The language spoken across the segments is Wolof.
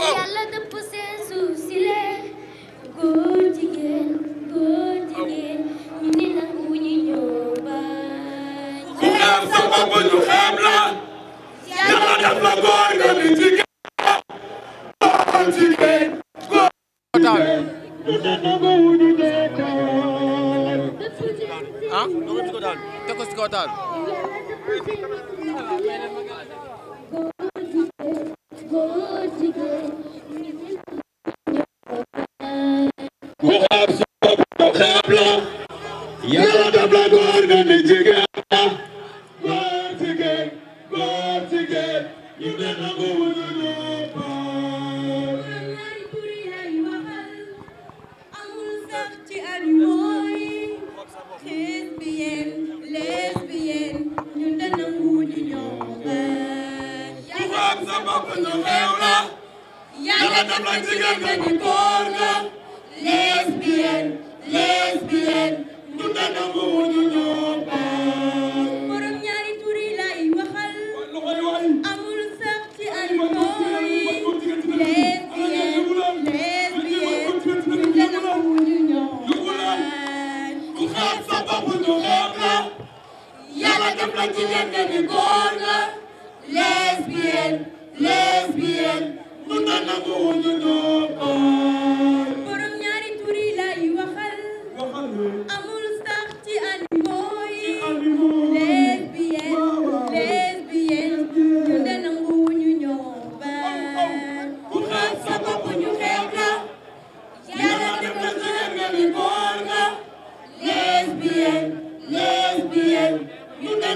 yàlla dëpp seen si leen góor jigéen góor jigéen ñu ni nangu ñu ñoo bañ ku xeeb sa bopp ñu xeeb la yàlla def la góor nga di jigéen góor jigéen góor jigéen ñu ni nangu ñu ñoo bañ ah dogu ci ko daal teg ko ci ko daal Go. waxaab soobu xaabla yàlla daf la góor nga ni jege góor jege góor jege ñu ne nangu wuñu ñëpp Yàlla daf la jigéen nga ni góor nga lesbienne lesbienne du na nangu ñu baal borom ñaari tur yi lay waxal amul sax ci ay baal ku xeeb sa bopp ñu xeeb la yàlla def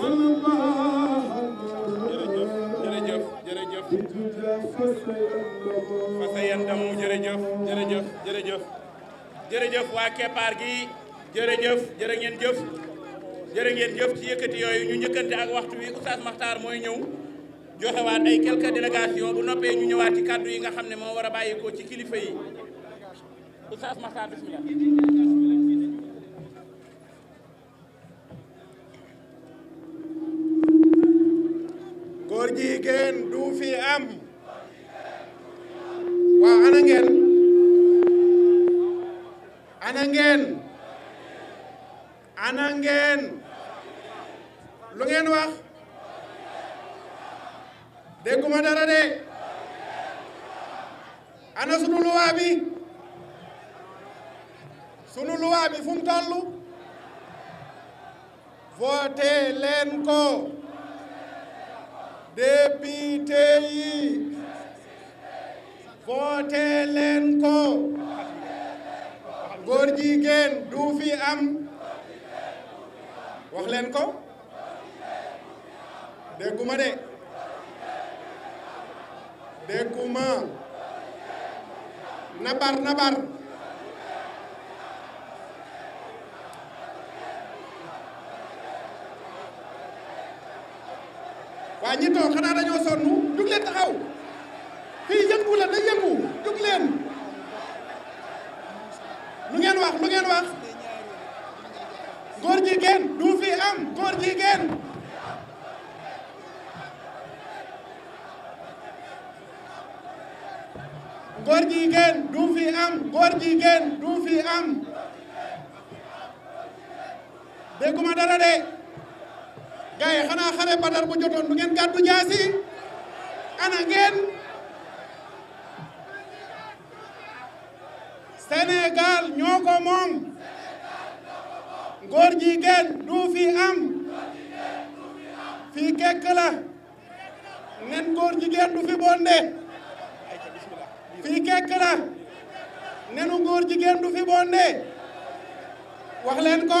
jërëjëf jërëjëf jërëjëf fasa yendam jërëjëf jërëjëf jërëjëf jërëjëf waa keppaar gi jërëjëf jërë ngeen jëf jërë ngeen jëf ci yëkkati yooyu ñu njëkkante ak waxtu wi Oustaz Makhtar mooy ñëw joxewaat ay quelques délégations bu noppee ñu ñëwaat ci kàddu yi nga xam ne moo war a bàyyi ci kilifa yi Oustaz Makhtar bismillah jigéen du fi am waaw ana ngeen lu ngeen wax dégguma dara de ana sunu luwaa bi sunu luwaa bi fu mu toll ko député yi voté leen ko góor jigéen am wax ko dégguma de dégguma nabar nabar waa ñi toog da dañoo sonn jug leen taxaw fii yëngu la day jug leen lu ngeen wax lu ngeen wax góor jigéen du am góor jigéen góor am góor jigéen du am dégguma dara de gars yi xanaa xare badar bu jotoon du ngeen gàddu jaasi ana ngeen Sénégal ñoo ko moom góor jigéen du fi am fii kekk nen góor jigéen du fi bonde fii kekk nenu góor jigéen du fi bonde wax ko